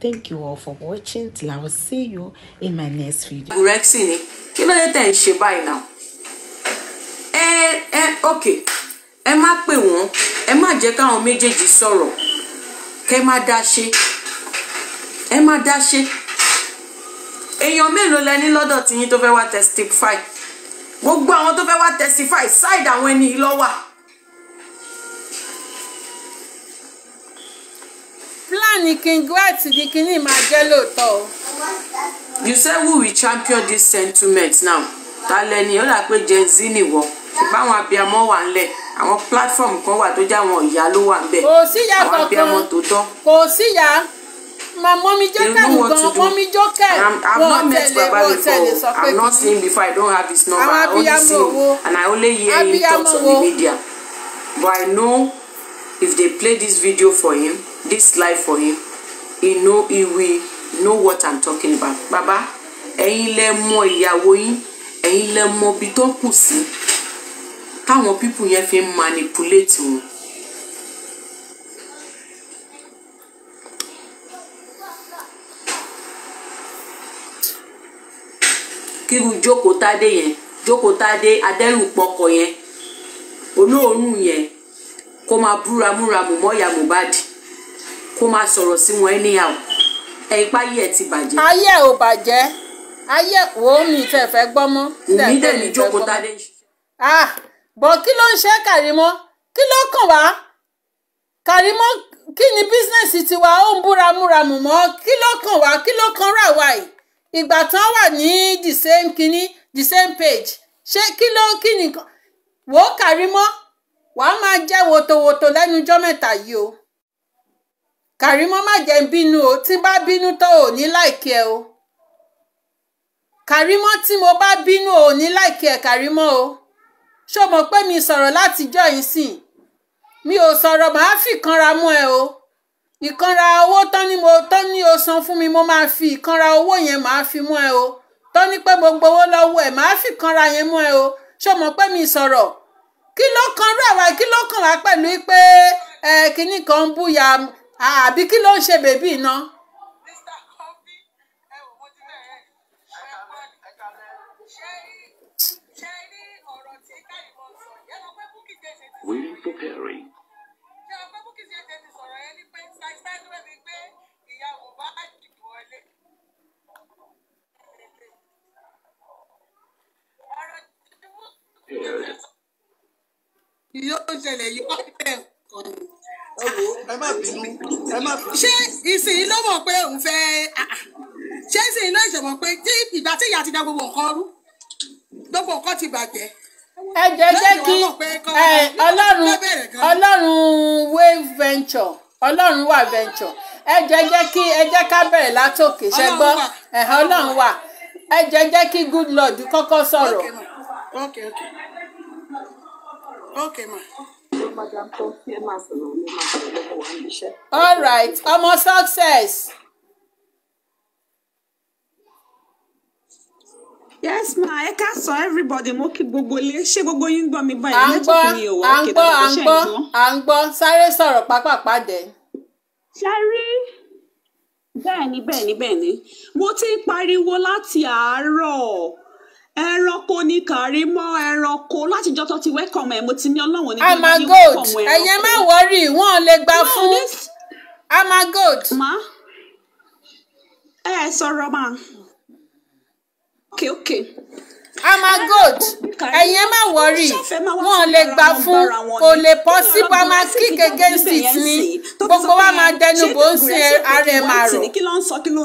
thank you all for watching till i will see you in my next video. gurexi ni kí ló dé tẹ̀ ń ṣe báyìí náà ẹ ẹ ok ẹ má pè wọ́n ẹ má jẹ́ káwọn méjèèjì sọ̀rọ̀ kẹ́ má dá ṣe ẹ má dá ṣe èèyàn mélòó lẹ ní lọ́dọ̀ tiyín tó fẹ́ wá testify gbogbo àwọn tó fẹ́ wá testify side àwọn ẹni lọ́wọ́ plan kingwet di kinní máa jẹ́ lóòótọ́ o. you say who will champion this sentiment now ta lẹni ó dà pé gen z nìwọ ṣùgbọ́n àwọn abiyamọ wà ńlẹ̀ àwọn platform kan wà tó jẹ́ àwọn ìyá ló wà ńbẹ̀ àwọn abiyamọ tó tọ́. kò síyà ma mọ́mí jókèlì gan mọ́mí jókèlì wọ́n tẹ̀lé wọ́n tẹ̀lé sọ pé kìí. i'm not seeing before i don't have his number i only see him and i only hear him talk to the media but i know if they play this video for him this live for him he know he will know what i'm talking about baba ẹ̀yin lẹ mọ̀ ìyàwó yín ẹ̀yin lẹ mọ̀ ibi tó kù sí táwọn pípù yẹn fi ń manipulate wọn. kíru jókòó tádé yẹn jókòó tádé adẹ́rù pọkọ yẹn olóòórùn yẹn kó máa búra múra mú mọ́ ìyá Mohbad kó máa sọ̀rọ̀ sí wọn anyhow ẹ̀yin pa ayé ẹ̀ ti bàjẹ́. ayé ò bàjẹ́ ayé wo mi tẹ̀ fẹ́ gbọ́ mọ́. Wùmí dẹ̀ ní jókòó tádé. ah bọ̀ kí ló ń ṣe Kàrímọ́ kí ló kàn wá Kàrímọ́ kí ni bísínẹ́sì tiwa ó ń búra múra mú mọ́ kí ló kàn wá kí ló kàn rà wá yìí ìgbà tán wà ní the same kinní the same page ṣé kí ló kí nìkan wò ó Kàrímọ́ wàá máa jẹ́ wotowoto lẹ́nujọ́ mẹ́ta yìí o Kàrímọ́ má jẹ́ ń bínú o tí bá bínú tó ò ní láìkí ẹ o Kàrímọ́ tí mo bá bínú ò ní láìkí ẹ Kàrímọ́ o ṣó mọ̀ pé mi sọ̀rọ̀ látijọ́ yìí sìn mi ò sọ̀rọ̀ màá fi kanra mú ẹ o ìkanra owó tán ni mo tán ni o san fún mi mo máa fi ìkanra owó yẹn màá fi mú ẹ o tán ni pé mo gbowó lọ́wọ́ ẹ màá fi kanra yẹn mú ẹ o ṣó mọ̀ pé mi sọ̀rọ̀ kí ló kan rẹ̀ wá kí ló kàn wá pẹ̀lú pé ẹ kínní kan ń búya àbí kí ló ń ṣe bèbí iná. Waiting for Perry. ṣẹlẹ̀ yìí wọ́n bẹ̀ kọ́ ni. ẹ má bínú ẹ má bínú. ṣé ìsìn ló mọ̀ pé òun fẹ́ ah, ah. ṣé ìsìn ló ṣe mọ̀ pé tí ìgbà tí ìyá ti da gbogbo nǹkan rú gbogbo nǹkan ti bàjẹ́. ẹ jẹ́ jẹ́ kí ọlọ́run ọlọ́run wave venture ọlọ́run wà venture ẹ jẹ́ jẹ́ kí ẹ jẹ́ ká bẹ̀rẹ̀ látòkè ṣẹ́gbọ́ ẹ̀hán ọlọ́run wà ẹ jẹ́ jẹ́ kí good lord kọ́kọ́ sọ̀rọ̀. Okay, okay. Okay, ma all right I'm a success. yes ma ẹ ká sọ everybody mo kí gbogbo ilé ṣé gbogbo yín gbọ́ mi báyìí lẹ́tọ̀ọ́ mi ò wá kí tàbí ṣe ń gbọ́. à ń gbọ́ sáré sọ̀rọ̀ pápápá ṣárí bẹ́ẹ̀ ni bẹ́ẹ̀ mo ti ń pariwo láti àárọ̀ ẹranko ní Karimo ẹranko látijọ́ tó ti wẹ́kọ̀mù ẹ̀ mo ti ní ọlọ́run ní kí wọ́n wẹ́kọ̀mù ẹranko. ẹ̀yẹ má wọ́rì wọ́n lè gbà fún amagold. ma ẹ sọ̀rọ̀ ma ok ok amagold ẹ̀yin má wọrí wọn lè gbà fún kò lè possible a máa kick against it ni gbogbo wa máa dẹnu bò ó sí ara ẹ̀ máa rọ̀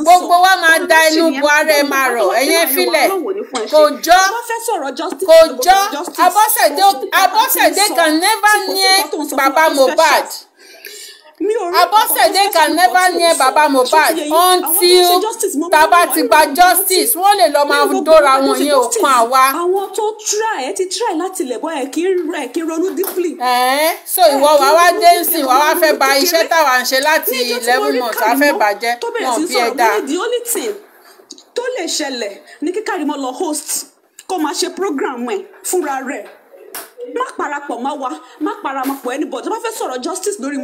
gbogbo wa máa da ẹnu bo ara ẹ̀ máa rọ̀ ẹ̀yin filẹ̀ kò jọ kò jọ Abọ́sẹ̀dé can never near baba Mohbad. Abọ́sẹ̀dé can never near Baba Mohbad until taba ti gba justice wọ́n lè lọ́ọ́ máa dóra wọn yẹn òkun àwa. Àwọn tó try ẹ ti try láti lẹ̀ bọ́ ẹ kí rẹ̀ kí ronú deeply. so ìwọ wà wá dé nsìn wà wá fẹ́ ba iṣẹ́ táwa ń ṣe láti eleven months wà fẹ́ bàjẹ́ wọn bí ẹ dáa. The only thing tó lè ṣẹlẹ̀ ni kí Karimo lọ host kó máa ṣe program ẹ̀ fúnra rẹ̀ má parapọ̀ má wa má paramọ̀pọ̀ anybody tó bá fẹ́ sọ̀rọ̀ justice lórí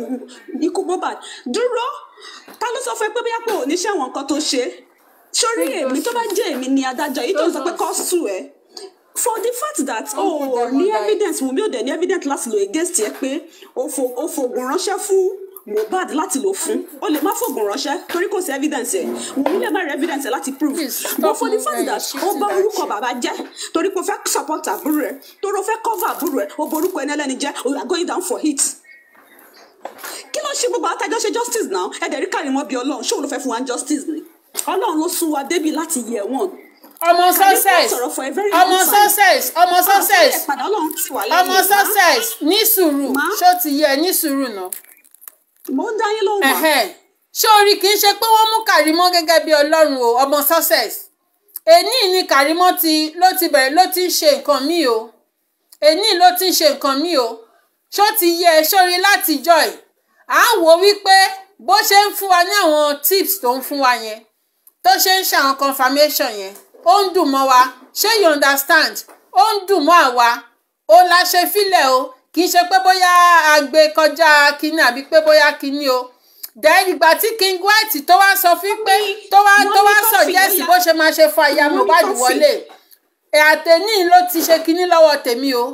ikú Mohbad dúró ta ló sọ fún ẹ pé bóyá pé ò ní ṣẹ̀wọ̀n nǹkan tó ṣe sórí èmi tó bá jẹ́ èmi ni adájọ́ yìí tó sọ pé kọ́ sùn ẹ̀ for the fact that oh, o ní evidence Wunmi ò dẹ̀ ní evidence láti lò against ẹ pé o fògùn ránṣẹ́ fún Mohbad láti lò fún ó lè má fògùn ránṣẹ́ torí kò sí evidence ẹ̀ Wùmí lè má rí evidence ẹ̀ láti prove but for the fact that ó bá orúkọ bàbá jẹ́ torí pé ó support àbúrò ẹ̀ torí ó fẹ́ cover àbúrò ẹ̀ ó borúkọ ẹni ẹlẹ́ni jẹ́ we are going down for heat. kí ló ṣe gbogbo àtàjọ́ ṣe justice now ẹ̀dẹ̀ rí kárí wọn bí ọlọ́run ṣé òun ló fẹ́ fún wa justice ni ọlọ́run ló sún wa débi láti yẹ wọn ọmọ success ọmọ success ọmọ success ọmọ success ní sùúrù ṣó ti yẹ ní sùúrù náà mo ń dá yín lóhùn wá. ṣé orí kì í ṣe pé wọ́n mú kàrímọ́ gẹ́gẹ́ bí ọlọ́run o ọmọ success èní ni kàrímọ́ ti ló ti bẹ̀rẹ̀ ló ti ń ṣe nǹkan míì o èní ló ti ń ṣe nǹkan míì o ṣó ti yẹ ẹ láti joy à ń wò wípé bó ṣe ń fún wa ní àwọn tips tó ń fún wa yẹn tó ṣe ń ṣàwọn confirmation yẹn ó ń dùn mọ́ wa ṣé you understand ó ń dùn mọ́ àwa ó la ṣe fílẹ̀ o kì í ṣe pé bóyá àgbẹ̀ kọjá kínní àbí pé bóyá kínní o then ìgbà tí King White tó wá sọ fún pé tó wá tó wá sọ jẹ́sì bó ṣe máa ṣe fa ìyá Mohbad wọlé ẹ̀ àtẹ̀ní ló ti ṣe kínní lọ́wọ́ tèmi o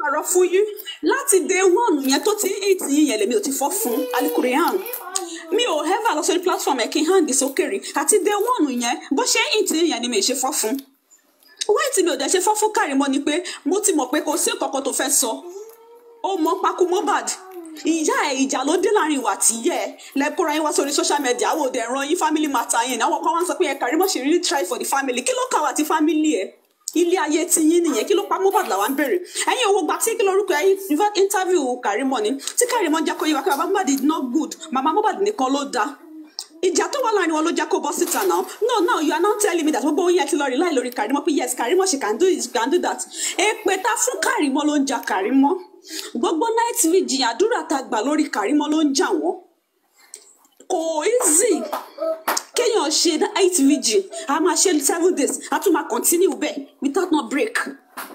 sọ̀rọ̀ fún yín láti day one yẹn tó ti eight yín yẹn lèmi ò ti fọ́ fún alikurian mi ò ever lọ sórí platform ẹ̀ kí hand is okay rí àti day one yẹn bó ṣe eight yín yẹn ni mi ì ṣe fọ́ fún wáyé tí mi ò dẹ̀ ṣe fọ́ fún Kàrímọ́ ni pé mo ti mọ̀ pé kò sí nǹkan kan tó fẹ́ sọ ó mọ pákó Mohbad ìyá ẹ ìjà ló dé láàrin ìwà tí yẹ ẹ lẹkọra yín wá sórí social media àwọn òde ẹran yín family matter yẹn àwọn kan wá ń sọ pé ẹ Kàrímọ́ ṣe really try for the family kí ló kà wá ti family ẹ ilé ayé ti yín nìyẹn kí ló pa Mohbad làwa ń bèrè ẹ̀yin owó gba tí kí lórúkọ ẹ̀yin interview Kàrímọ́ ni tí Kàrímọ́ jẹ́ kó yẹ wá pé bàbá Mohbad is not good Mama Mohbad nìkan ló dáa ìjà tó wà láàrin wọn ló jẹ́ kó bọ́ síta náà no no you are not telling me that gbogbo yẹn ti lọ rí láì lórí Kàrímọ́ pé yes Kàrímọ́ she can do this can do that èpè ta fún Kàrímọ́ ló ń ja Kàrímọ́ gbogbo night vigil àdúrà ta gbà lórí Kàrímọ́ ló ń jà wọ́n kò easy kéèyàn ṣe night vigil a máa ṣe seven days a tún máa continue bẹ́ẹ̀ without no break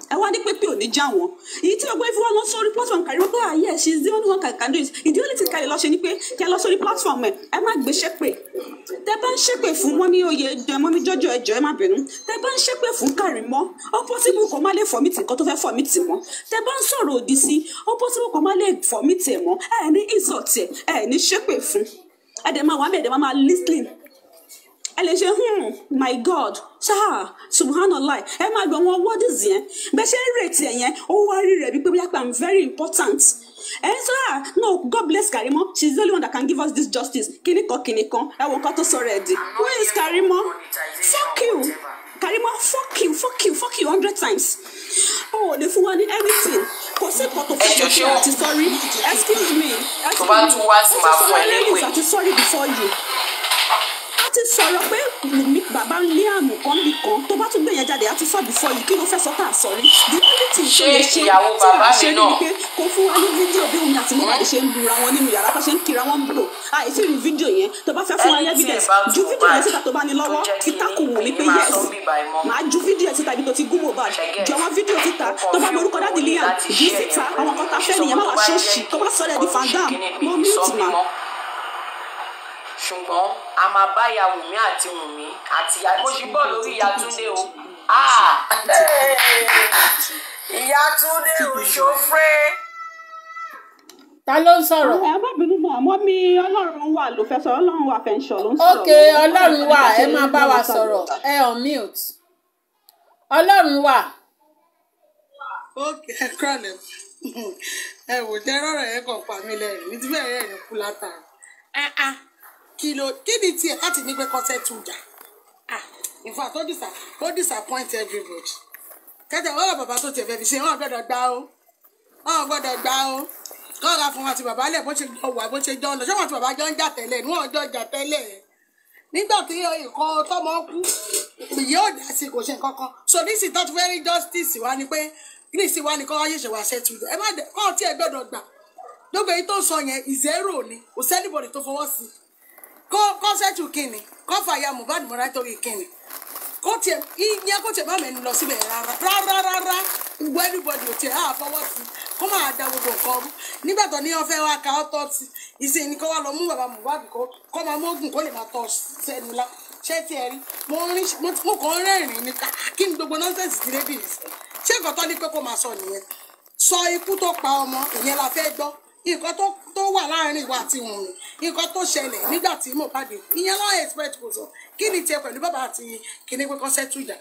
ẹ wá ní pépé òní já wọn èyí tí gbogbo everyone lọ sórí platform kàrí wọn pé àyè ah, ṣe is the only one can do it ìdí òní ti kàrí lọ ṣe ni pé kí ẹ lọ sórí platform ẹ ẹ má gbé ṣépè tẹ bá ń ṣépè fún mọ́mí oyè ẹjọ́ ẹ mọ́mí jọ́jọ́ ẹjọ́ ẹ má bínú tẹ bá ń ṣépè fún kàrí mọ́ ó pọ́sibú kò má lè fọ̀mìtì nǹkan tó fẹ́ fọ̀mìtì mọ́ tẹ bá ń sọ̀rọ̀ òdì sí ó pọ́sibú kò má lè fọ̀mìtì ẹ̀ mọ́ ẹ ní ìsọ̀tì ẹ ní ṣépè fún ẹ dẹ̀ máa wà mí ẹ dẹ̀ máa máa ẹ lè ṣe hmm, my god ṣáà subhanallah ẹ máa gbọ́ wọn wọ́dìs yẹn bẹ́ẹ̀ ṣe ń rètí ẹ̀ yẹn ó wá rí rẹ̀ wípé bíyàpá i'm very important ẹ ń no god bless Karimo She's the only one that can give us this justice kíní kan kíní kan ẹ wo nǹkan tó sọ̀rọ̀ ẹ̀ di who is Karimo fuck you Karimo fuck you fuck you fuck you hundred times o ò lè fún wa ní anything kò sí ìkọ̀tò fún mi àti sorry excuse me excuse me ó ti sọ lẹ́yìn àti sorry before you ti sọ̀rọ̀ pé Wùmí bàbá ń lé àrùn kan bí kan tó bá tún gbé yẹn jáde á ti sọ before yìí kí ló fẹ́ sọ tá a sọ rí. the only thing tó lè ṣe tí a ṣe ni pé kó fún wa ní fídíò bí òun àti Mohbad ṣe ń lura wọn nínú yàrá bá ṣe ń kira wọn bò àìsí rí fídíò yẹn tó bá fẹ́ fún wa ní evidence ju fídíò yẹn síta tó bá ní lọ́wọ́ ti tákù Wùmí pé yes màá ju fídíò síta ibi tó ti gún Mohbad jọ ṣùgbọ́n a máa bá ìyá wùmí àti wùmí àti ìyá mo ṣì bọ̀ lórí ìyá túndé o. Ah! ìyá túndé òṣòfré. ta ló ń sọ̀rọ̀. ẹ má bínú mọ́ àmọ́ mi ọlọ́run wà ló fẹ́ sọ ọlọ́run wà fẹ́ ń sọ ló ń sọ̀rọ̀. ok ọlọ́run wà ẹ máa bá wa sọ̀rọ̀ ẹ on mute ọlọ́run wà. ok ẹ kúrò lẹ ẹ wò jẹ́ rọ̀rọ̀ yẹn kàn pa mí lẹ́yìn ní tí bẹ́ẹ̀ yẹn kú látara. Kilo. ló kíbi tiẹ̀ láti ní pé kọ́sẹ̀ tún jà ah in fact ó dìsà ó disappoint everybody kẹ́tẹ̀ wọ́n bàbá tó tiẹ̀ fẹ́ fi ṣe wọ́n gbọ́dọ̀ gbá o wọ́n gbọ́dọ̀ gbá o kọ́ra fún àti bàbá lẹ̀ bó ṣe jọ wà bó ṣe jọ lọ ṣọ́wọ́n àti bàbá jọ ń jà tẹ́lẹ̀ ní wọ́n jọ jà tẹ́lẹ̀ nígbà tí nǹkan tọmọ kú ìyá ò dá sí kò ṣe nǹkan so this is not very justice wa ni pé níìsín wa ni kọ́ wáyé ṣe wá ṣẹ́tù ẹ má dẹ kọ́ ọtí ẹ gbọ́dọ̀ gbà gbogbo èyí tó sọ yẹn ìzẹ́rò ni kò sẹ́nìbọ̀dì tó fọwọ́ sí i kó sẹ́tù kínni ya Mohbad mọ́ra torí kínni ìyẹn kó tiẹ̀ má lọ síbẹ̀ rárá rárá rárá gbogbo everybody ò tiẹ̀ á fọwọ́ sí kó da gbogbo wa ka ọ sí ìsìn kó lọ Mohbad kó kó mógùn kó lè tọ́ sẹ́nu lá ṣé gbogbo nọ́ọ̀sẹ̀sì ti débi ìsìn ṣé nǹkan sọ nìyẹn sọ ikú tó la fẹ́ gbọ́ nǹkan tó wà ìwà àti ìwọ̀n nǹkan tó ṣẹlẹ̀ nígbà tí Mohbad ìyẹn lọ́wọ́ expect kò sọ kí ni tiẹ̀ pẹ̀lú bàbá àti kíní pé sẹ́tù ìjà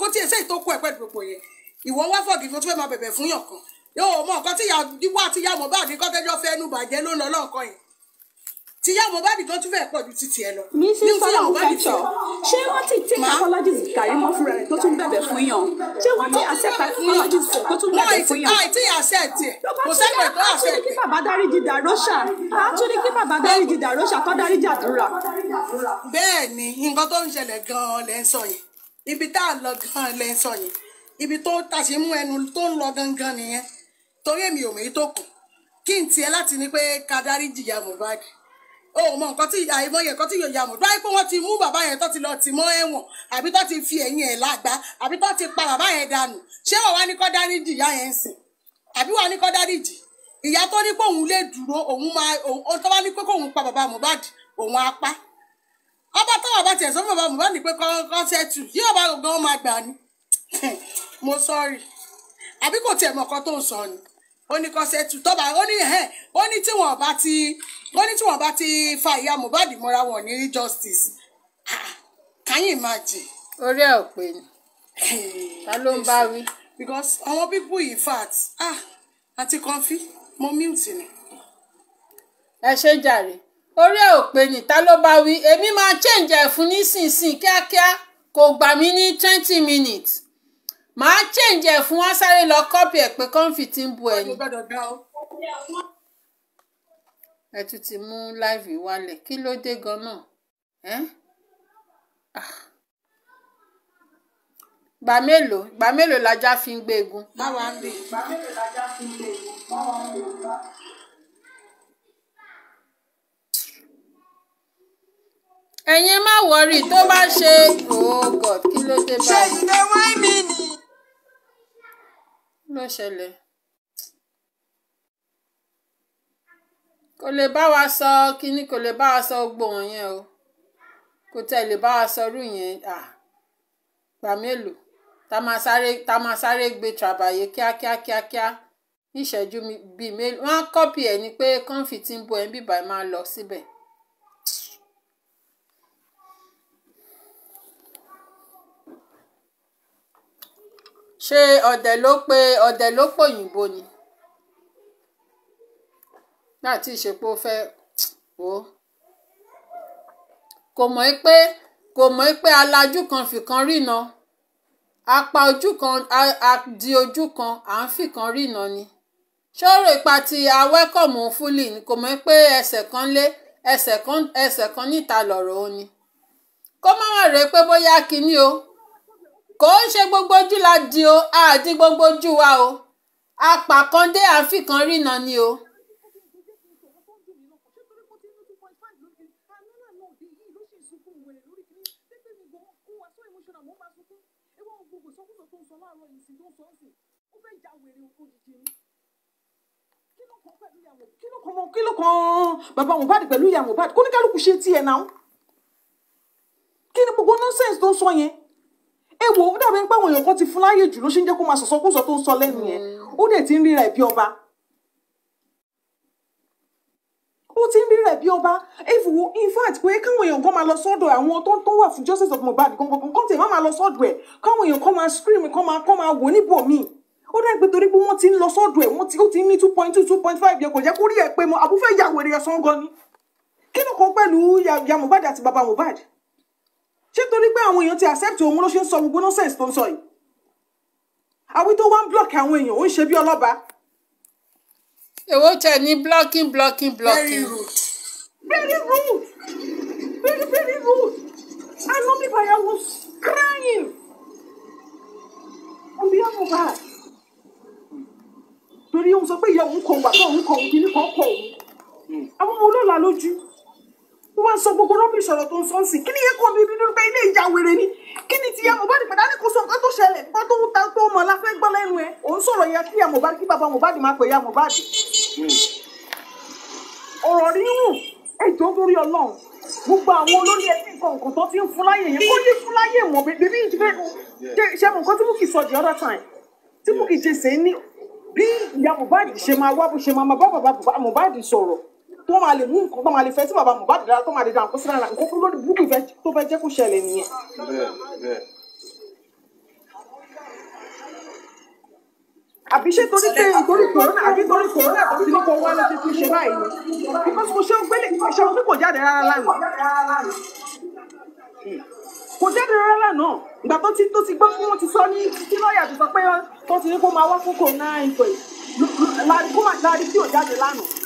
kó tiẹ̀ sẹ́yìn tó kú ẹ̀ pẹ̀lú gbogbo yẹn ìwọ wá fọ̀gì tó fẹ́ máa bẹ̀bẹ̀ fún yàn kan yóò mọ nǹkan tí ìyá àti ìyá Mohbad kọ́kẹ́jọ́ fẹ́ nù bàjẹ́ ló ń lọ lọ́ọ̀kan yẹn tíyá Mohbad gan tún fẹ́ pọ̀ ju ti tiẹ̀ lọ. mi sì sọlá òun fẹjọ ṣé wọn ti tí apologist Karimo fúnra rẹ̀ tó tún bẹ̀bẹ̀ fún yàn ṣé wọn ti accept apologist tó tún bẹ̀bẹ̀ fún yàn. láì tí accept ẹ kò sẹ́ni ẹ̀ tó accept. àtúndì kí bàbá dáríjì dàróṣà àtúndì kí bàbá dáríjì dàróṣà tó dáríjì àdúrà. bẹ́ẹ̀ ni nǹkan tó ń ṣẹlẹ̀ gan-an lẹ́ yẹn ibi tá kí n tiẹ̀ láti ní pé ká dáríjì ya Mohbad o ò mọ nǹkan tí àìmọye nǹkan tí yòòyà mọ̀ dúráì pé wọ́n ti mú bàbá yẹn tó ti lọ tì mọ́ ẹ̀wọ̀n àbí tó ti fi ẹ̀yìn ẹ̀ lágbá àbí tó ti pa bàbá yẹn dànù ṣé wọ́n wá ní kọ́ dáríjì ìyá yẹn ń sìn àbí wọ́n ní kọ́ dáríjì ìyá tó ní pé òun lè dúró òun máa òun tó bá ní pé kóun pa bàbá Mohbad òun á pa ọba táwọn bá tiẹ̀ sọ fún bàbá Mohbad ní pé kọ́ sẹ́tù yí ọba gan máa gbà ni mo sọ́ọ̀rì àbí kò tiẹ̀ mọ̀ kan tó ń sọ ni ó ní kọ́sẹ́ tu tọ́ba ó ní ẹ̀ ó ní tí wọ́n bá ti ó ní tí wọ́n bá ti fa ìyá Mohbad mọ́ra wọn ní justice ah, can you imagine. orí ẹ̀ ò pé ni ta ló ń bá wí. because àwọn people in fact ah àti Comfy mo mute ni. ẹ ṣe jàre orí ẹ̀ ò pé ni ta ló bá wí èmi máa change ẹ̀ fún nísinsìnyí kíákíá kò gbà mí ní twenty minutes màá change ẹ̀ fún wọn sáré lọ kọ́pì ẹ̀ pé kọ́ńfì ti ń bu ẹ̀yìn. ẹ tún ti mú láìvì wálẹ̀ kí ló dé gan-an ẹ́ ah. gbà mélòó gbà mélòó lajá fi ń gbégun. báwa ń bè gbà mélòó lajá fi ń gbégun báwa ń bè bá. ẹ̀yin má wọrí tó bá ṣe oh god kí ló dé báyìí. ṣe ìgbẹ́ wáìmì ló ṣẹlẹ̀ kò lè bá wa sọ kínní kò lè bá wa sọ gbogbo wọn yẹn o kò tẹ̀ lè bá wa sọ irú yẹn à gbà mélòó tá máa sáré tá máa sáré gbé tàbàyè kíákíá kíákíá ní ìṣẹ́jú bíi mélòó wọ́n á kọ́pì ẹ̀ ni pé kọ́ńfì tí ń bo ẹ̀ ń bíbá ẹ̀ máa lọ síbẹ̀. ṣé ọdẹ ló pé ọdẹ ló pòyìnbó ni náà tí ìṣepò fẹ́ wò ó kò mọ̀ pé kò mọ̀ pé alájú kan fìkan rína apá ojú kan àdí ojú kan à ń fìkan rína ni ṣọ́ọ̀rọ̀ ipa ti awẹ́kọ̀mù fúlì ni kò mọ̀ pé ẹsẹ̀ kan lé ẹsẹ̀ kan ẹsẹ̀ kan níta lọ̀rọ̀ òun ni kó má wà rèé pé bóyá kinní o kò ń ṣe gbogbo ojú la di o àti gbogbo ojú wa o apà kan dé àfi kan rína ni o. kí ló kan bàbá Mohbad pẹ̀lú ìyá Mohbad kó ní kálukú ṣe tiẹ̀ náà kí ni gbogbo nonsense tó ń sọ yẹn ẹ wo ó dàbí pé àwọn èèyàn kan ti fún láyè jù ló ṣe ń jẹ́ kó máa sọ̀sọ́kùsọ tó ń sọ lẹ́nu yẹn ó dẹ̀ ti ń ríra ẹ̀ bí ọba ó ti ń rírẹ̀ bí ọba ìfowó in fact pé káwọn èèyàn kan máa lọ sọ́dọ̀ àwọn tó tó wà fún justice of Mohbad gangan kan tẹ̀ má máa lọ sọ́dọ̀ ẹ̀ káwọn èèyàn kan máa scream kan máa kan máa wò níbò míì ó dá pé torí pé wọ́n ti ń lọ sọ́dọ̀ ẹ̀ wọ́n ti ó ti ní two point two two point five yẹn kò jẹ́ kó rí ẹ̀ pé mo àbúfẹ́ ìyàwó rẹ̀ sọ́ngọ́ ni kí ló kọ́ pẹ̀lú ya ṣé torí pé àwọn èèyàn ti accept òun ló ṣe ń sọ gbogbo nonsense tó ń sọ yìí àwí tó wá ń block àwọn èèyàn ó ń ṣe bí ọlọ́ba. èwo tẹ ní blocking blocking blocking. very rude. very rude. very very rude. I know by I was crying on the of her. torí òun sọ pé ìyá òun kọ̀ wà tó òun kọ̀ òun kì í kọ̀ kọ̀ òun. àwọn ọmọ olóòlà lójú ó wá sọ gbogbo rọ́bìṣì ọ̀rọ̀ tó ń sọ ń sìn kí ni yẹn kọ́ mi bínú pé ilé ìjà wèrè ni kí ni tìyá Mohbad pàdánù kò sọ nǹkan tó ṣẹlẹ̀ nǹkan tó ń ta tó mọ̀ la fẹ́ gbọ́ lẹ́nu ẹ̀ òun sọ̀rọ̀ yẹn kí ya Mohbad kí bàbá Mohbad máa pè ya Mohbad. ọ̀rọ̀ rírùn ẹ̀jọ̀ lórí Ọlọ́run gbogbo àwọn olórí ẹbí nǹkan tó ti ń fún láyè yẹn kó ní fún láyè wọn bèbí ìdílé ṣe mọ nǹkan tí Bukky sọ time tí Bukky ṣe ṣe ní bí ìyá Mohbad ṣe máa wá bó ṣe máa bá bàbá Mohbad tó máa lè mú nǹkan tó máa lè fẹ́ tí bàbá Mohbad dára tó máa lè da nǹkan sí lára nǹkan lórí burúkú tó fẹ́ jẹ́ kó ṣẹlẹ̀ nìyẹn. àbí ṣé torí pé torí kòrónà àbí torí kòrónà tó ti ní kó wá ló ti fi ṣe báyìí ni because mo ṣe ń gbélé ṣe ń kó jáde rárá lánàá kò jáde rárá lánàá ìgbà tó ti tó ti gbọ́ fún wọn ti sọ ní títí lọ́ọ̀yà ti sọ pé tó ti ní kó máa wá fún kòrónà ìpè láàrin kó máa láàrin tí ò jáde lánàá.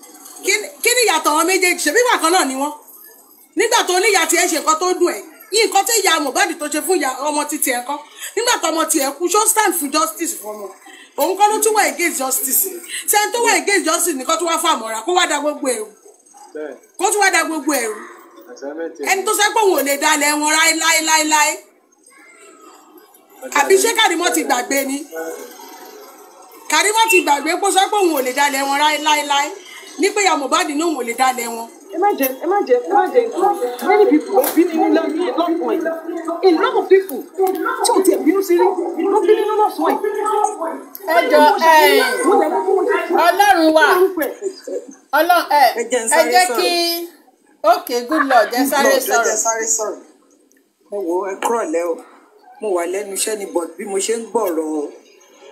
ìyá tọ̀wọ́n méjèèjì ṣe bígbà kan náà ni wọ́n nígbà tó níyà tiẹ̀ ṣe nǹkan tó dùn ẹ̀ yìí nǹkan tí ìyá Mohbad tó ṣe fún ọmọ ti tiẹ̀ kọ́ nígbà tó ọmọ tiẹ̀ kú show stand for justice fọmọ òun kọ́ ló tún wà against justice ṣe ń tó wà against justice nìkan tó wá fàmọ́ra kó wá da gbogbo ẹ̀rù kó tún wá da gbogbo ẹ̀rù ẹni tó sẹ́pọ̀ wò lè dalẹ̀ wọn láéláéláé àbí ṣé Karimo ti gbàgbé ni Karimo ti gbàgbé kó sẹ́pọ̀ wò lè dalẹ̀ wọn láéláéláé nígbà yà Mohbad náà wò lè dalẹ̀ wọn. ẹ má jẹ ẹ má jẹ ẹ má jẹ many people ò bí nínú lọ́mí lọ́pọ̀ ẹ̀ a lot of people tí ò tiẹ̀ bínú sí rí ló bí nínú lọ́sọ̀ ẹ̀. ẹ jọ ẹ ọlọ́run wà ọlọ́run ẹ ẹ kí okay good lord jẹ́ sáré sọ̀rọ̀. ẹ wo ẹ kúrọ̀ lẹ́ o mo wà lẹ́nu iṣẹ́ ni but bí mo ṣe ń gbọ̀rọ̀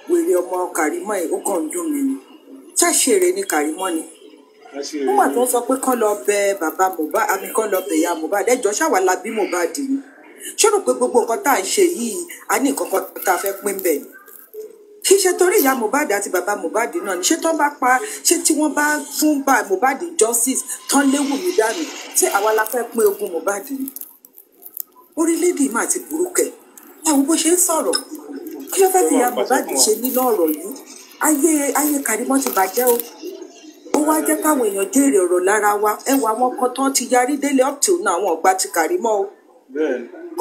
wèrè ọmọ Kàrímọ́ ẹ̀ ó kàn ń dùn mí ni ṣàṣèrè ni Kàrímọ́ ni nígbà tó sọ pé kán lọ bẹ bàbá Mohbad àmì kán lọ bẹ ìyá Mohbad ẹjọ́ ṣáwa la bí Mohbad ni ṣé rò pé gbogbo nǹkan tá à ń ṣe yìí a ní nǹkan kan tá a fẹ́ pín bẹ́ẹ̀ ni ṣíṣe torí ìyá Mohbad àti bàbá Mohbad náà ni ṣé tó bá pa ṣé tí wọ́n bá fún bá Mohbad justice tán léwu mi dànù ṣé àwa la fẹ́ pín ogún Mohbad ni orílẹ̀-èdè mà ti burúkẹ̀ ẹ̀wọ̀n bó ṣe ń sọ̀rọ̀ kí ló fẹ́ fi ìyá Mohbad ṣe nínú ọ̀rọ̀ yìí ayé ayé Karimo ti bàjẹ́ o wá jẹ́ káwọn èèyàn jèrè ọ̀rọ̀ lára wa ẹ wà àwọn kan tán ti yarí délé up till now àwọn ọ̀gbà ti kàrí mọ́ o.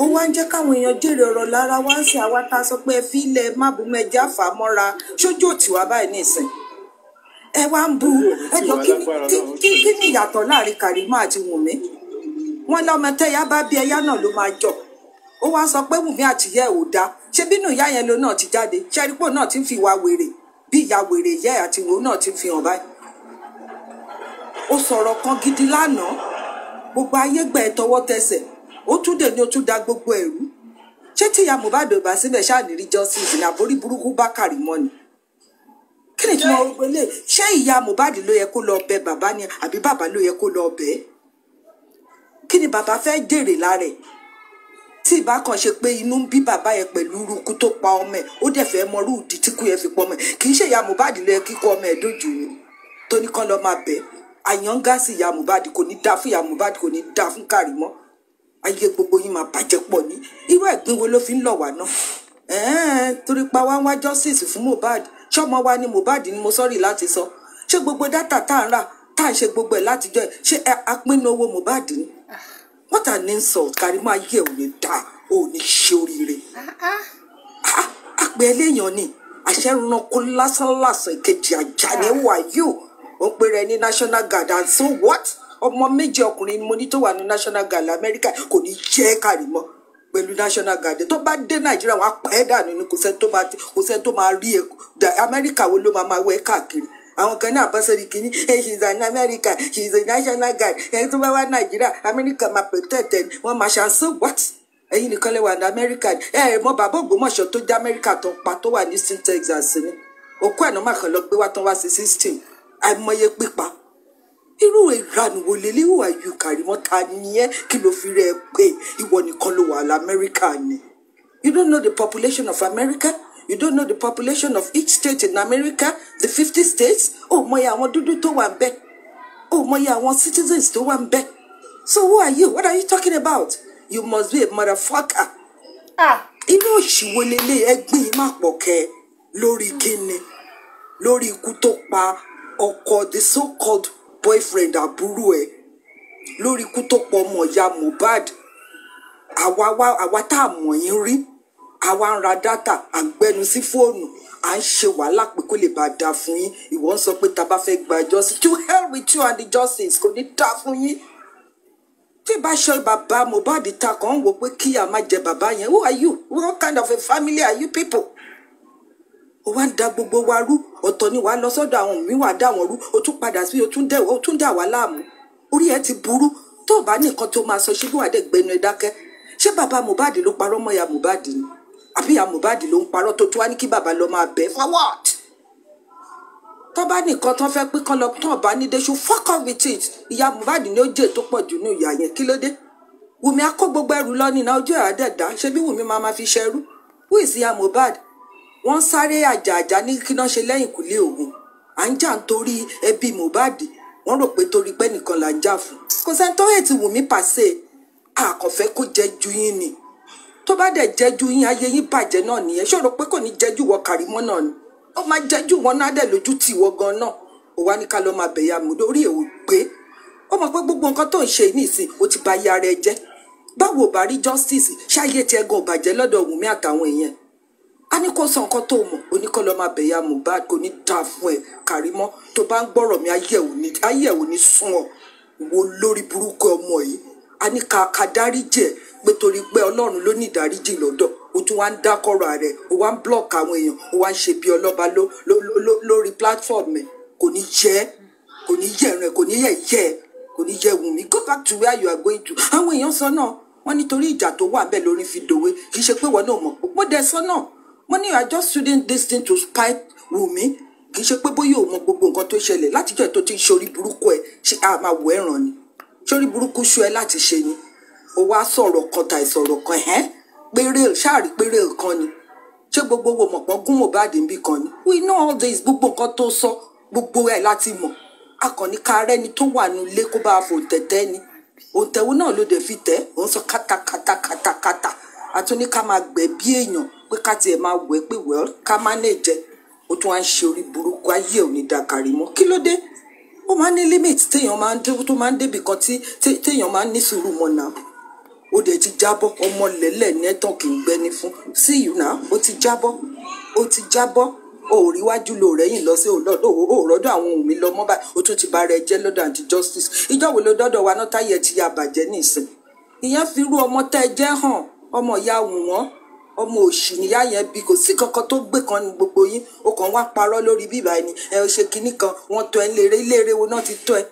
ó wá ń jẹ́ káwọn èèyàn jèrè ọ̀rọ̀ lára wa ń sìn àwa tá sọ pé ẹ fi ilẹ̀ má bu mẹ́jà fà á mọ́ra sójú òtí wa báyìí nìsín. ẹ wá ń bu ẹjọ́ kí ni ìyàtọ̀ láàrin Karimo àti Wùnmí wọn lọmọ tẹyà bá bí ẹyá náà ló máa jọ ó wá sọ pé Wùnmí àtìyẹ ò dáa ṣé bínú ìyá yẹn ló náà ti jáde ṣẹrípò náà ti fi ìwà wèrè bí ìyá wèrè yẹ àtiwò náà ti fi hàn báyìí ó sọ̀rọ̀ kan gidi lánàá gbogbo ayé gbà ẹ tọwọ́ tẹsẹ̀ ó tún dè ní ó tún da gbogbo ẹ̀rú ṣé tíya Mohbad ò bá síbẹ̀ ṣáàníri justice ní àbórí burúkú Bákàrè mọ́ ni kí ni tí wọ́n rúgbó lè ṣé ìyá Mohbad ló yẹ kó lọ bẹ bàbá ni àbí bàbá ló yẹ kó lọ bẹ kí ni bàbá fẹ́ jèrè lára ẹ̀ tí ìbá kan ṣe pé inú ń bí bàbá yẹn pẹ̀lú irúkú tó pa ọmọ ẹ̀ ó dẹ̀ fẹ́ mọ ìdí tí kú yẹn fi pọ̀ ọmọ ẹ̀ kì í ṣe ìyá Mohbad ló yẹ kíkọ ọmọ ẹ̀ dójú ni tóní kan máa bẹ̀ẹ́ àyàngásí ìyá Mohbad kò ní dáa fún ìyá Mohbad kò ní dáa fún Kàrímọ́ ayé gbogbo yín máa bàjẹ́ pọ̀ ní irú ẹ̀gbin wo ló fi ń lọ̀ wá náà ẹ̀ẹ́n torí pa wá wá justice fún Mohbad ṣọ́mọ wa ni Mohbad ni mo sọ́rí láti sọ ṣé gbogbo dátà tá à ń rà tá à ń ṣe gbogbo ẹ̀ látijọ́ ẹ̀ ṣé apínú owó Mohbad ni what an insult Kàrímọ́ ayé ẹ̀ ò ní dáa ò ní ṣe oríire àpẹẹlẹ ah, ah. ah, èèyàn ni àṣẹ ránkó lásánlásán ìkejì àjà ni wàá yóò ó ń pèrè ní national guard and so what ọmọ méje ọkùnrin mo ní tó wà ní national guard lamẹ́ríkà kò ní jẹ́ kàrí mọ́ pẹ̀lú national guard tó bá dé nàìjíríà wọn á pa ẹ́ dànù ni kò sẹ́ni tó máa rí ẹ amẹ́ríkà wo ló máa máa wẹ̀ káàkiri àwọn kan ní àbọ̀sẹ̀rì kìíní hey she is an American she is a national guard ẹni tó bá wá nàìjíríà amẹ́ríkà máa protect ẹ̀ wọ́n máa ṣàǹsó what ẹ̀yin nìkan lẹ́wà ní amẹ́ríkà ẹ̀ ẹ̀ mọ bàbá ògbómọ̀ṣọ́ tó jẹ́ amẹ́ríkà tó pa tó wà ní Houston Texas ni òkú ẹ̀ náà má kàn lọ gbé wá tán wá sí system àìmọye pípa irú ìranù wo lè léwà yù kàrímọ́ ta ni ẹ́ kí ló fi rẹ̀ pé ìwọ nìkan ló wà lamẹ́ríkà ni. You don't know the population of America. You don't know the population of each state in America, the fifty states. Ó mọyì àwọn dúdú tó wà bẹ́ẹ̀. Ó mọyì àwọn citizens tó wà bẹ́ẹ̀. So who are you? What are you talking about? You must be a motherfucker. Ah. Irú òṣìwò lélẹ̀ ẹgbẹ́ má pọ̀ kẹ́ lórí kíni lórí ikú tó pa ọkọ the so called boyfriend àbúrò ẹ lórí ikú tó pọ̀ ọmọ ìyá Mohbad àwa tá a mọ̀ yín rí àwa ń ra dátà à ń gbẹnu sí fóònù à ń ṣe wàhálà pé kó lè bá a dáa fún yín ìwọ ń sọ pé ta bá fẹ́ gba justice to hell with you and the justice kò ní dáa fún yín tí bá ṣe bàbá Mohbad ta kàn ń wò pé kíyà má jẹ bàbá yẹn who are you what kind of a family are you people ó wá ń da gbogbo wa rú ọ̀tọ̀ ni wàá lọ sọ́dọ̀ àwọn mi wàá dà wọ́n rú o tún padà sí o tún dẹ̀ o tún dà wá láàmú orí ẹ ti burú tó o bá ní nǹkan tó máa sọ ṣé bí wàá dẹ̀ gbẹnu ẹ dákẹ́ ṣé bàbá Mohbad ló parọ́ mọ́ ya Mohbad ni àbí ya Mohbad ló ń parọ́ tó tún wá ní kí bàbá lọ máa bẹ̀ for what tó bá nìkan tó fẹ́ pé kán lọ tó bá ní dé ṣu fuck off with it ìyá Mohbad ni ó jẹ́ tó pọ̀ jù ní ìyá yẹn kí ló dé Wùmí akó gbogbo ẹrù lọ fi ṣẹrú who is ìyá wọ́n sáré àjààjà ní kí ṣe lẹ́yìn kùlé òun à ń jà nítorí ẹbí Mohbad wọ́n rò pé torí pé nìkan là ń jà fún. kò sẹ́ni tó hẹ̀ ti wù mí pàṣẹ àkànfẹ́ kó jẹ́ ju yín ni tó bá dẹ̀ jẹ́ ju yín ayé yín bàjẹ́ náà nìyẹn ṣòro pé kò ní jẹ́ ju wọ Kàrímọ́ náà ni ó máa jẹ́ ju wọn náà dẹ̀ lójú tì wọ́ gan náà ó wá ní ká lọ́ọ́ máa bẹ̀yà mú lórí èwo pé ó mọ̀ pé gbogbo nǹkan tó ń ṣe nísìn ó ti bà iye ara ẹ jẹ́ báwo ò bá rí justice ṣáyé tiẹ̀ gan ò bàjẹ́ lọ́dọ̀ Wùmí àtàwọn èèyàn a ní kó san nǹkan tó mọ̀ oníkọ́lọ́ máa bẹ̀yà Mohbad kò ní dáa fún ẹ Kàrímọ́ tó bá ń gbọ́rọ̀ mi ayẹ̀wò ní sún ọ wo lórí burúkú ọmọ yìí a ní ká ká pé torí pé Ọlọ́run ló ní ìdáríjì lọ́dọ̀ o tún wá ń dákọ̀rọ̀ rẹ̀ o wá ń blọ̀kì àwọn èèyàn o wá ń ṣe bí ọlọ́ba lórí platform ẹ̀ kò ní jẹ́ kò ní yẹ̀ rẹ̀ kò ní yẹ̀ yẹ̀ kò ní yẹ̀ wùn go back to where you are going to àwọn èèyàn sọ náà wọ́n nítorí ìjà tó wà bẹ́ẹ̀ lórí fi dòwe kì í ṣe pé wọ́n náà mọ̀ pé mo dẹ̀ sọ náà mo ní you are just shooting this thing to spite Wumi kì í ṣe pé bóyá o mọ gbogbo nǹkan tó ṣẹlẹ̀ látijọ́ tó ti ń ṣorí burúkú ẹ̀ ṣe a máa wọ ẹ̀ràn ni ṣorí burúkú ṣu ẹ láti ṣe ni o wá sọ̀rọ̀ kan tà ìsọ̀rọ̀ kan ẹ̀ péré ṣáàrí péré kan ni ṣé gbogbo wo mọ̀pọ̀ gún Mohbad níbì kan ni we know all this gbogbo nǹkan tó sọ gbogbo ẹ̀ láti mọ̀ akànní kárẹ́ ni tó wà nílé kó bá fò tẹ̀tẹ́ ni òǹtẹ̀wò náà ló dẹ̀ fi tẹ̀ òun sọ kátakátakatakata àtúní máa gbẹ̀ bí èèyàn pé ká tiẹ̀ máa wẹ̀ pé wẹ̀ ká má lè jẹ o tún wá ń ṣe orí burúkú ayé ò ní dakari mọ́ kí ló dé ó máa ń ní limit téèyàn máa ń dé tó máa ń débi kan tí téèyàn máa ń ní sùúrù mọ́ náà ó dẹ̀ ti jábọ́ ọmọ lẹ́lẹ̀ ní ẹ̀tàn kì í gbẹ́ni fún sí yìí náà ó ti jábọ́ ó ti jábọ́ òòrí wájú lò rẹ́yìn lọ sí òlọ́dọ̀ òòrọ́dọ̀ àwọn òmí lọ mọ́ báyìí ó tún ti bá rẹ jẹ́ lọ́dọ̀ àti justice ìjọ wo ló dọ́dọ̀ wa náà táyẹ̀ ti ya bàjẹ́ ní ìsìn ìyẹn fi irú ọmọ tẹ́ ẹ jẹ́ hàn ọmọ ìyá wù wọ́n ọmọ òṣì níyá yẹn bí kò sí kankan tó gbé kan ní gbogbo yín ó kàn wá parọ́ lórí bíbá ẹni ẹ ò ṣe kinní kan wọ́n tọ́ ẹ léèrè iléèrè wo náà ti tọ́ ẹ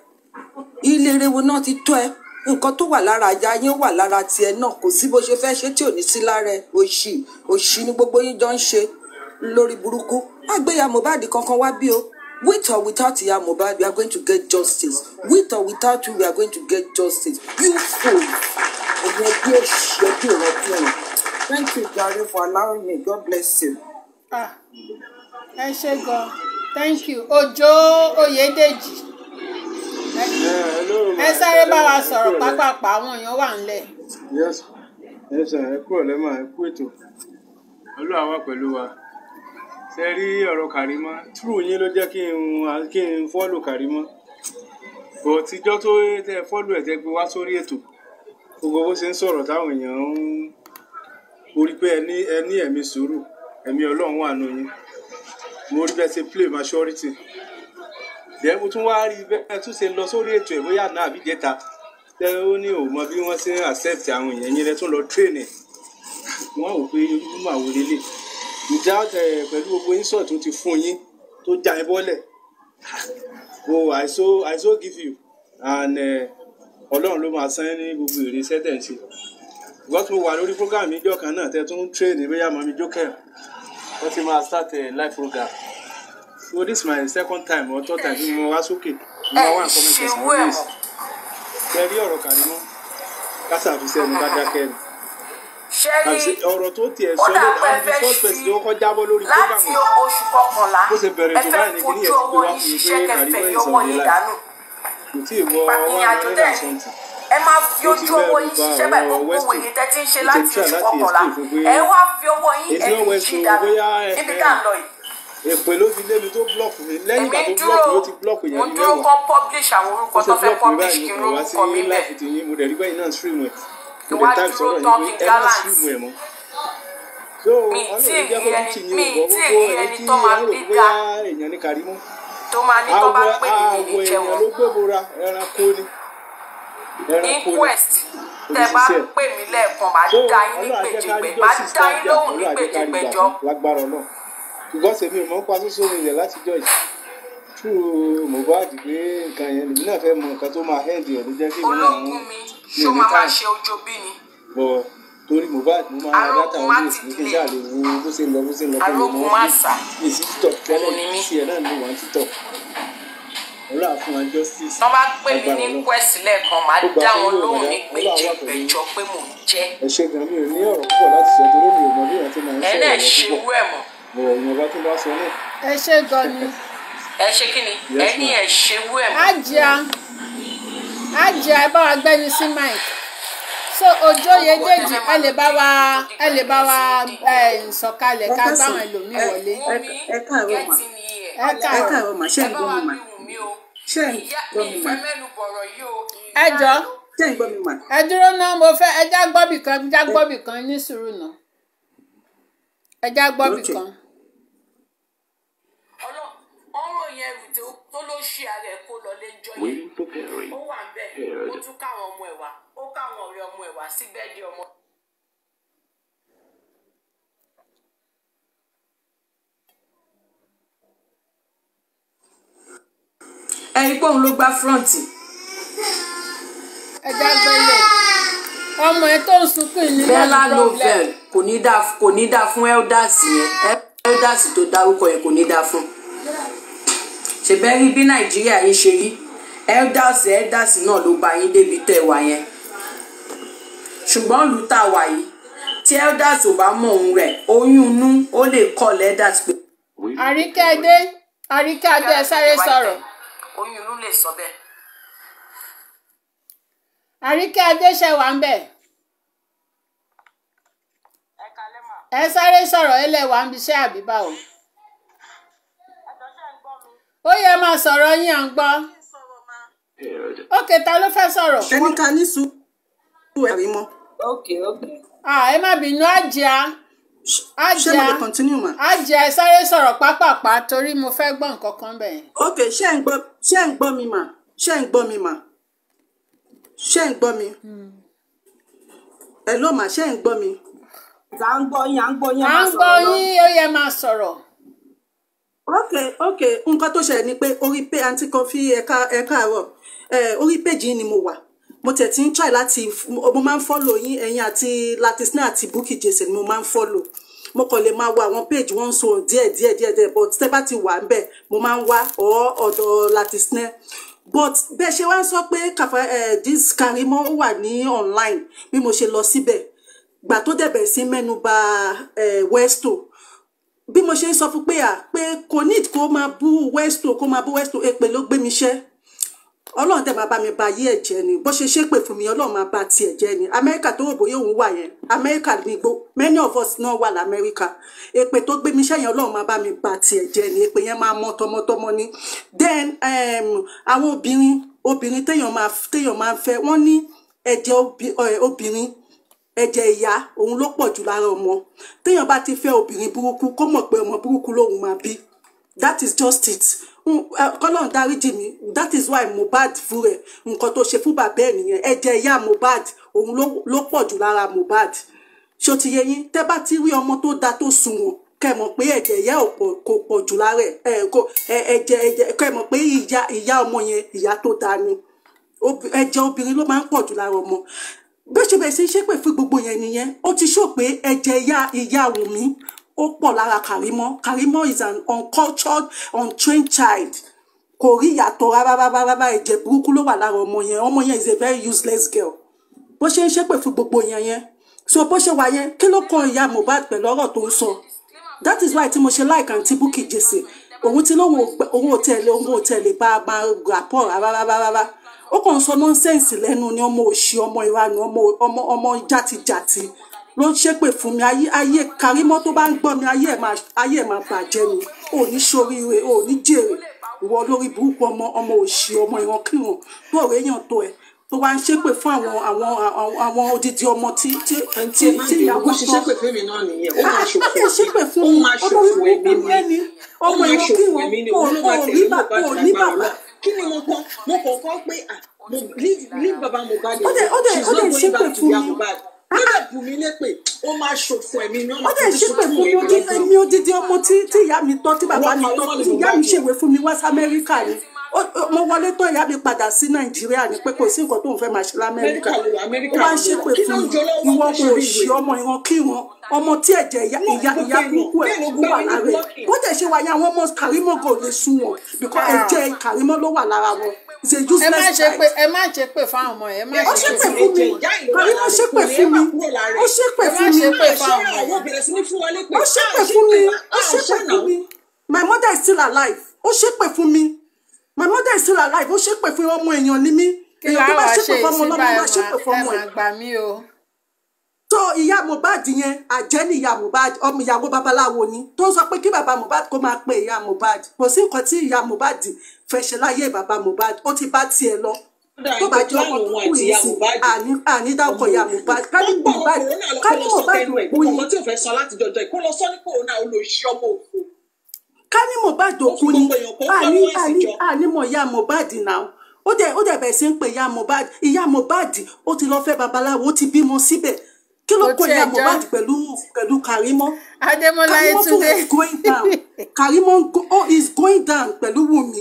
iléèrè wo náà ti tọ́ ẹ nǹkan tó wà lára ajá yín wà lára tiẹ̀ náà kò sí bó ṣe fẹ́ ṣe tí ò ní sí lára ẹ òṣì òṣì ni gbogbo yín jọ ń ṣe lórí burúkú àgbéyà Mohbad kankan wá bí o with or without Iya Mohbad we are going to get justice with or without you we are going to get justice you ẹ̀yin ẹbí òṣì ẹbí ìrọ̀kùnrin. Thank you, Gary, for allowing me. God bless you. Ah, ẹ ṣé gan. Thank you. Òjó Oyèdèjì. Eh, ẹ sáré bá wa sọ̀rọ̀ pápápá àwọn èèyàn wà ńlẹ̀. Yes, ẹ sàn ẹ kúrò lẹ́mọ̀ ẹ kú ètò. Olúwa wà pẹ̀lú wa. Ṣé rí ọ̀rọ̀ Kàrímọ́? True yín ló jẹ́ kí n fọ́lù Kàrímọ́. Bọ̀ tíjọ́ tó tẹ fọ́lù ẹ̀ tẹ́ gbé wá sórí ètò. Gbogbo bó ṣe ń sọ̀rọ̀ táwọn èèyàn ń mo rí pé ẹni ẹni ẹ̀mí sùúrù ẹ̀mí ọlọ́run wà nù yín mo rí bẹ́ẹ̀ ṣe play maturity dẹ́ mo tún wá rí bẹ́ẹ̀ tún ṣe lọ sórí ètò ẹ̀ bóyá náà àbí jẹta tẹ́ ó ní ò mọ bí wọ́n ṣe ń accept àwọn èèyàn yẹn tún lọ train ẹ̀ wọ́n wò pé irú mà wò lélẹ̀ ìjà pẹ̀lú gbogbo insult tó ti fún yín tó já ẹ bọ́lẹ̀ oh i so i so give you and ọlọ́run ló máa san ní gbogbo ìrìnsẹ́ tẹ̀ ń ṣe ìwọ́n tí mo wà lórí program ìjọ kan náà tẹ́ tún ń train bóyá mọ̀ mi jókèr wọ́n ti máa start a eh, life program so this my second time or third time mo wá sókè mo wá nǹkan mẹ́tẹ̀ẹ̀ sí this ṣe rí ọ̀rọ̀ kàrí mọ́ kásà fi sẹ́nu bá dákẹ́ ni ọ̀rọ̀ tó tiẹ̀ sọ lé àwọn first person tó kọ́ jábọ́ lórí program láti oṣù kọkànlá bó ṣe bẹ̀rẹ̀ tó báyìí ní kí ní ẹ̀sìn pé wá fún mi pé kàrí mọ́ ìsọ̀rọ̀ láì kò tí ì wọ one hundred and something ẹ máa fi ojú owó yín ṣiṣẹ́ bẹ́ẹ̀ gbogbo wèrè tẹ́ ti ń ṣe láti oṣù kọkànlá ẹ wá fi owó yín ẹ fi jí dànù níbi tá à ń lọ yìí. èpè ló fi lé mi tó blọọkù mi lẹ́yìn ìgbà tó blọọkù ló ti blọọkù yẹn nílẹ̀ wọ̀. mo dúró kọ́ publish àwọn orúkọ tó fẹ́ publish kí n lórúkọ mi bẹ̀. mo dẹ̀ rí bẹ́yìn náà stream ẹ̀ mo dẹ̀ type sọ̀rọ̀ yìí pé ẹ má stream ẹ̀ mọ́ mi tí èyí ẹni mi tí èyí ẹni tó máa gbé ga tó máa ní tó bá pè mí ní jẹun. àwọn ẹ̀yàn ló gbébora ẹranko ni inquest tẹ bá pè mí lẹ́ẹ̀kan máa dá yín ní gbèjègbè máa dá yín lóhùn ní gbèjègbè jọ. lágbára náà because èmi ò mọ̀ pa sísọ mi rẹ̀ látijọ́ yìí tú Mohbad pé nǹkan yẹn lèmi náà fẹ́ mọ nǹkan tó máa hẹ́ǹdì ẹ̀ ló jẹ́ kí mi náà mú mi ò ní káà bọ̀ torí Mohbad mo máa ra dátà orí èsì kí n ṣáà lè wo bó ṣe ń lọ bó ṣe ń lọ kí lè mọ bí títọ̀ tẹ́lẹ̀ sí ẹ̀ náà ló wà ní títọ̀ wọ́n bá pè mí ní quest lẹ́ẹ̀kan màá dá wọn lóhùn ní péjèpéjọ pé mò ń jẹ́. ẹ ṣe gan mi ò ní ọ̀rọ̀ púpọ̀ láti sọ torí mi ò mọ bí èèyàn ti máa ń sọ ọ̀rọ̀ púpọ̀ ìwọ̀n bá tún bá sọ ẹ ṣe gan ẹ ṣe kí ni ẹ ẹ ṣe wú ẹ̀ mọ́. ájá ájá ẹ bá wa gbẹ́ni sí mike so ọjọ́ yedeji ẹ lè bá wa ẹ lè bá wa sọ̀kalẹ̀ ká báwọn ẹlòmíì wọlé. ẹ káàárọ̀ mà ṣé ìgbóhùn mà mi o ìyá ìfẹ́ mẹ́nu bọ̀rọ̀ yìí o ìyá ló ẹ dúró náà mo fẹ́ ẹ já gbọ́bì kan já gbọ́bì kan ní sùúrù náà ẹ já gbọ́bì kan. ọ̀rọ̀ yẹn rù tó ló ṣe ààrẹ kó lọ lé jọ yẹn ó wà ń bẹ̀ ó tún káwọn ọmọ ẹ̀ wá ó káwọn ọ̀rẹ́ ọmọ ẹ̀ wá síbẹ̀ di ọmọ ẹ̀rí pé òun ló gbá fúrọ̀ǹtì. ẹja gbẹlẹ ọmọ ẹ tó ń sunkún ìlú náà bella novel kò ní dáa kò ní dáa fún elders yẹn elders tó dárúkọ yẹn kò ní dáa fún ṣèbẹ́rí bí nàìjíríà yìí ṣe rí elders elders náà ló bá yín débi tẹ́ wà yẹn ṣùgbọ́n ìlú tá a wà yìí tí elders ò bá mọ òun rẹ̀ oyún inú ó lè call elders pé. àríkẹ́ adé àríkẹ́ adé ẹ sáré sọ̀rọ̀. oyún inú lè sọ bẹ́ẹ̀. àríkẹ́ wà ń bẹ̀. ẹ sáré sọ̀rọ̀ wa ń biṣẹ́ àbíbá o. ó yẹ máa sọ̀rọ̀ yín à ń gbọ́. ókè ta ló fẹ́ sọ̀rọ̀. ẹni ká ní sùúrù ẹ̀rí mọ́. ṣé mo lè continue ma. torí mo fẹ́ gbọ́ nǹkan kan bẹ́ẹ̀. ok ṣé ń gbọ́ mi mà ṣé ń mi ṣé mi. ẹ ló ma ṣé ń mi. à ń gbọ́ yín à ń gbọ́ yín à ń gbọ́ yín ó yẹ sọ̀rọ̀. ok ok nǹkan tó ṣẹlẹ̀ ni pé orí wà mo tẹ̀ ti ń try láti mo máa ń follow yín ẹ̀yin àti Latisneh àti Bukky Jesse ni mo máa ń follow mo kàn lè máa wo àwọn page wọ́n ń sọ díẹ̀ díẹ̀ díẹ̀ díẹ̀ but tẹ́ bá ti wà ń bẹ̀ mo máa ń wá ọ̀ ọ̀dọ̀ Latisneh but bẹ́ẹ̀ ṣe wá ń sọ pé kàfà ẹ̀ dis Karimo ó wà ní online bí mo ṣe lọ síbẹ̀ gbà tó dẹ̀ bẹ̀rẹ̀ sí mẹ́nuba ẹ̀ Westo bí mo ṣe ń sọ fún pé à pé kò ní kó máa bú Westo kó máa bú Westo èpè ló gbé mi ṣẹ́ ọlọ́run tẹ́ máa bá mi ba yí ẹ̀jẹ̀ ni bó ṣe ṣe pè fún mi ọlọ́run máa ba ti ẹ̀jẹ̀ ni amẹ́ríkà tó rò bóyá òun wà yẹn amẹ́ríkà ni gbó many of us náà wà lamẹ́ríkà èpè tó gbé mi sẹ́yìn ọlọ́run máa bá mi ba ti ẹ̀jẹ̀ ni èpè yẹn máa mọ tọmọtọmọ ni then ehm, àwọn obìnrin obìnrin téèyàn máa téèyàn máa fẹ́ wọ́n ní ẹ̀jẹ̀ eh, obìnrin ẹ̀jẹ̀ ìyá òun ló pọ̀ jù lára ọmọ téèyàn bá ti fẹ́ obìnrin burúkú kó mọ̀ pé ọmọ burúkú lòun máa bí that is just it kọ́lọ́n dáríjì mi that is why Mohbad fún rẹ̀ nǹkan tó ṣe fún bàbá ẹ̀ nìyẹn ẹ̀jẹ̀ ìyá Mohbad òun ló pọ̀ jù lára Mohbad ṣó ti yé yín tẹ́ bá ti rí ọmọ tó da tó sunwọ̀n kẹ́ mọ̀ pé ẹ̀jẹ̀ ìyá kò pọ̀ jù lára ẹ̀ ẹ̀jẹ̀ ẹ̀jẹ̀ kẹ́ mọ̀ pé ìyá ọmọ yẹn ìyá tó da ni ẹ̀jẹ̀ obìnrin ló máa ń pọ̀ jù lára ọmọ bẹ́ẹ̀ ṣe bẹ́ẹ̀ ṣe ń ṣépè fún gbogbo yẹn nìyẹn ó ti ṣó pé ẹ̀jẹ̀ ìyá ìyá Wùmí ó pọ̀ lára Kàrímọ́ Kàrímọ́ is an uncultured untrained child kò rí ìyàtọ̀ rárá rárá rárá ẹ̀jẹ̀ burúkú ló wà lára ọmọ yẹn ọmọ yẹn is a very useless girl bó ṣe ń ṣépè fún gbogbo yẹn yẹn so bó ṣe wà yẹn kí ló kan ìyá Mohbad pẹ̀lú ọ̀rọ̀ tó ń sọ that is why tí mo ṣe like àǹtí Bukky Jesse òun ti lóun òun ò tẹ̀lé òun ò tẹ̀lé bá a máa gbà pọ̀ rárá rárá rárá ó kàn ń sọ nọ́ńsẹ̀nsì lẹ́nu ni ọmọ òṣì ọmọ ìranù ọmọ ọmọ ọmọ ló ń ṣépè fún mi ayé ayé Karimọ tó bá ń gbọ́ mi ayé ẹ̀ máa ayé ẹ̀ máa bàjẹ́ ni ò ní ṣoríire ò ní jèrè ìwọ lórí burúkú ọmọ ọmọ òṣì ọmọ ìrankíran tó rèé yàn tó ẹ tó wá ń ṣépè fún àwọn àwọn àwọn odidi ọmọ tí tí tí ìyàwó tó ṣépè fún mi náà nìyẹn ó máa ah, ṣòfò ọmọ ìbúkú lẹ́ni ọmọ ìrankíran kò kò ní bàbá kò ní bàbá kí ni mo kàn mo kàn kọ́ pé ah, leave baba Mohbad alone she is not going back to bia Mohbad. ó dẹ̀ bù mí lépè ó máa ṣòfò ẹ̀mí ni ó máa tún ṣòfò ẹ̀mí. ó fún mi odidi baba ọmọ tí ìyá mi tọ́ tí mi tọ́ tí ìyá mi fún mi wá sí amẹ́ríkà ni mo wọlé tọ́ ìyá mi padà sí nàìjíríà ni pé kò sí nǹkan tó ń fẹ́ máa ṣe lamẹ́ríkà ó wá ń ṣépè fún mi ìwọ kò ṣe ọmọ ìran kí wọn ọmọ tí ẹ̀jẹ̀ ìyá kúkú ẹ̀ wà lára ẹ̀ bó àwọn ọmọ kàrímọ̀ gò lè wọn ẹ̀jẹ̀ kàrímọ̀ is a useless fight. ẹ má ṣe pé fáwọn ọmọ ẹ má ṣe pé fún mi torí ó ṣe pé fún mi ó ah, ṣe pé fún mi ó ṣe pé fún mi ó ṣe pé fún mi my mother is still alive ó ṣe pé fún mi my mother is still alive ó ṣe pé fún ọmọ èèyàn ni mí èèyàn tó bá ṣe pé fún ọmọ ọlọ́mọ máa ṣe pé fún ọmọ ẹ̀ tó ìyá Mohbad yẹn àjẹ́ ni ìyá Mohbad ọmọ ìyàwó babaláwo ni tó sọ pé kí bàbá Mohbad kó máa pe ìyá Mohbad kò sí nǹkan tí ìyá Mohbad fẹ́ ṣe láyé bàbá Mohbad ó ti bá tiẹ̀ lọ tó bá jẹ́ ọmọ tó kù yìí sí àní àní dákọ ìyá Mohbad káni Mohbad káni Mohbad kú ni káni Mohbad kú ni àní àní àní mọ ìyá Mohbad náà ó dẹ̀ ó dẹ̀ bẹ̀ sí ń pe ìyá Mohbad ìyá Mohbad ó ti lọ fẹ́ babaláwo ó ti bímọ síbẹ̀ kí ló kọ ìyá Mohbad pẹ̀lú pẹ̀lú Karimo Adémọ́lá Etúndé Karimo oh, is going down pẹ̀lú wumi,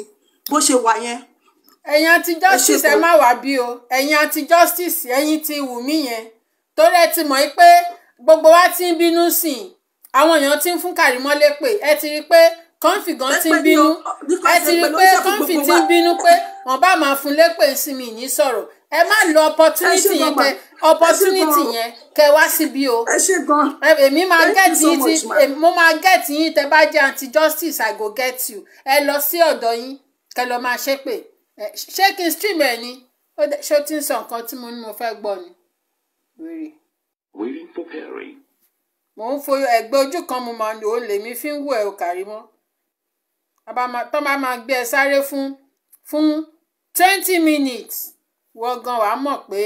bó ṣe wà yẹn. ẹ̀yin àti justice ẹ má wá bí o ẹ̀yin àti justice ẹ̀yin ti wumi yẹn torí ẹ ti mọ̀ pé gbogbo wa ti ń bínú sí i àwọn èèyàn ti ń fún Karimo lépè ẹ ti rí i pé kọ́ńfì gan ti ń bínú ẹ ti rí i pé kọ́ńfì ti ń bínú pé wọ́n bá máa fún lépè sí mi ní sọ̀rọ̀ ẹ má lo opportunity yẹn kẹ opportunity yẹn kẹ wá síbí o èmi máa get yín tí mo máa get yín tẹ bá jẹ anti justice i go get you ẹ lọ sí ọ̀dọ̀ yín kẹ lọ máa ṣépè ṣé kí n stream ẹ ni ṣó ti ń sọ nǹkan tí mo ní mo fẹ́ gbọ́ ni. mo ń foyọ ẹgbẹ́ ojú kan mo máa ń lò ó lèmi fi ń wò ẹ́ o Karimo tó máa máa gbé ẹ sáré fún fún twenty minutes wọ́n gan wàá mọ̀ pé